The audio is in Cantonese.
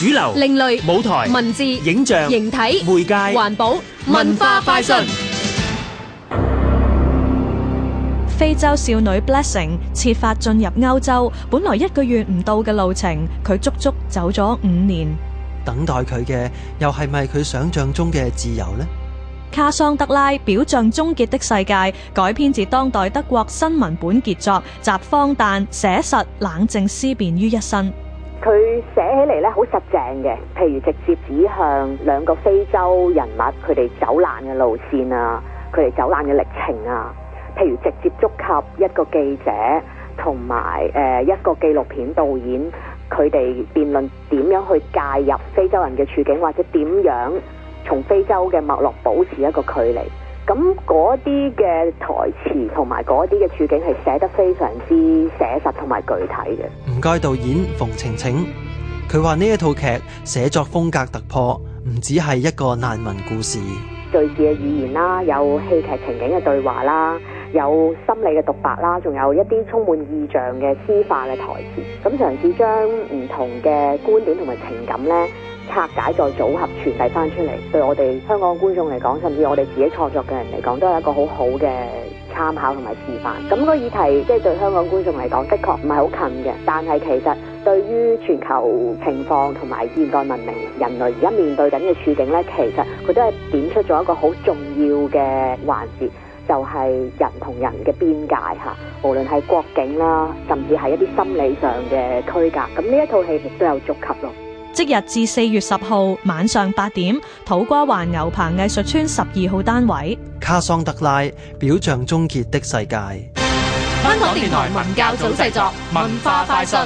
主流、另類舞台、文字、影像、形體、媒介、環保、文化快訊。非洲少女 Blessing 設法進入歐洲，本來一個月唔到嘅路程，佢足足走咗五年。等待佢嘅，又係咪佢想象中嘅自由呢？卡桑德拉表象終結的世界改編自當代德國新文本傑作，集荒誕、寫實、冷靜思辨於一身。佢寫起嚟咧好實正嘅，譬如直接指向兩個非洲人物佢哋走難嘅路線啊，佢哋走難嘅歷程啊，譬如直接觸及一個記者同埋誒一個紀錄片導演佢哋辯論點樣去介入非洲人嘅處境，或者點樣從非洲嘅脈絡保持一個距離。咁嗰啲嘅台詞同埋嗰啲嘅處境係寫得非常之寫實同埋具體嘅。唔該，導演馮晴晴，佢話呢一套劇寫作風格突破，唔只係一個難民故事，敘事嘅語言啦，有戲劇情景嘅對話啦，有心理嘅獨白啦，仲有一啲充滿意象嘅詩化嘅台詞，咁嘗試將唔同嘅觀點同埋情感呢。拆解再組合傳遞翻出嚟，對我哋香港觀眾嚟講，甚至我哋自己創作嘅人嚟講，都係一個好好嘅參考同埋示範。咁個議題即係對香港觀眾嚟講，的確唔係好近嘅，但係其實對於全球情況同埋現代文明，人類而家面對緊嘅處境咧，其實佢都係點出咗一個好重要嘅環節，就係人同人嘅邊界吓，無論係國境啦，甚至係一啲心理上嘅區隔。咁呢一套戲亦都有觸及咯。即日至四月十號晚上八點，土瓜灣牛棚藝術村十二號單位。卡桑德拉，表象終結的世界。香港電台文教組製作，文化快訊。